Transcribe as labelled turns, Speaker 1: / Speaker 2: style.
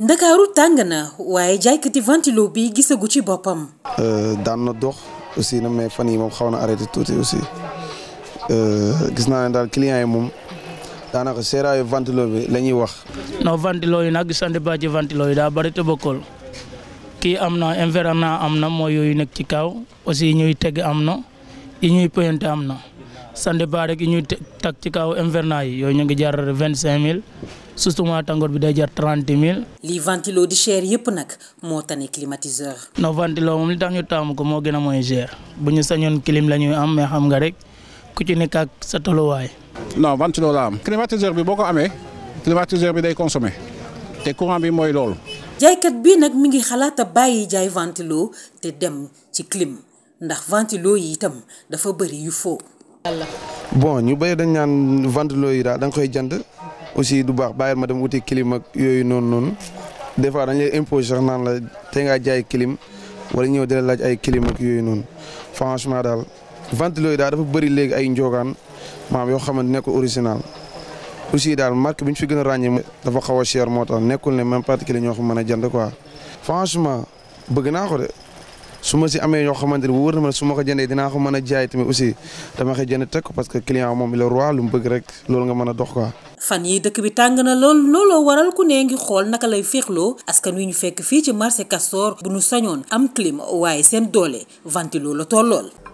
Speaker 1: ndakaaru tàng na waaye jaaykati ventilo bi gisagu ci boppam.
Speaker 2: Euh, daan na dox aussi na mais fan yi moom xaw na arrêté tuuti aussi euh, gis naa ne daal client yi moom daana seeraayu ventilo bi la ñuy wax. non
Speaker 3: ventilo yi nag sant ba ci yi daa bëri te kii am na environnement am na mooy yooyu nekk ci kaw aussi ñuy teg am na yi ñuy pointé am na. sande ba rek yi ñuy tag ci kaw inverna yi yooyu ñu ngi jar vingt cinq mille surtout tàngoor bi day jar trente mille.
Speaker 1: lii ventilo di cher yëpp nag moo tax
Speaker 3: ñu taamu ko moo gën a mooy cher bu ñu sañoon clim la ñuy am mais nga rek ku ci nekk sa tolluwaay. non ventilo la am. climatiseur bi boo ko amee climatiseur bi day consommé te courant bi mooy loolu.
Speaker 1: jaaykat bi nag mi ngi xalaat a bàyyi jaay ventilo te dem ci clim ndax ventilo yi itam dafa bëri
Speaker 2: bon ñu bëri dañ naan vente looyu daal da nga koy jënd aussi du baax baay ma dem wuti clim yooyu noonu noonu des fois dañ lay imposer la tey ngaa jaay clim wala ñëw di la laaj ay clim yooyu noonu franchement daal vente looyu daal dafa bëri léegi ay njóogaan maam yoo xamante nekk original aussi daal marque bi ñu fi gën a ràññee dafa xaw a cher moo tax nekkul ne même particulier ñoo xam mën a jënd quoi franchement bëgg naa ko de su ma si amee yoo xamante ne bu wër na ma su ma ko jëndee dinaa ko mën a jaay tamit aussi dama koy jënd teg ko parce que client moom il est roi lu mu bëgg rek loolu nga mën a dox quoi.
Speaker 1: fan yi dëkk bi tàng na lool looloo waral ku ne ngi xool naka lay féexloo askan wi ñu fekk fii ci marché Castor bu nu sañoon am clim waaye seen doole ventilo la tollool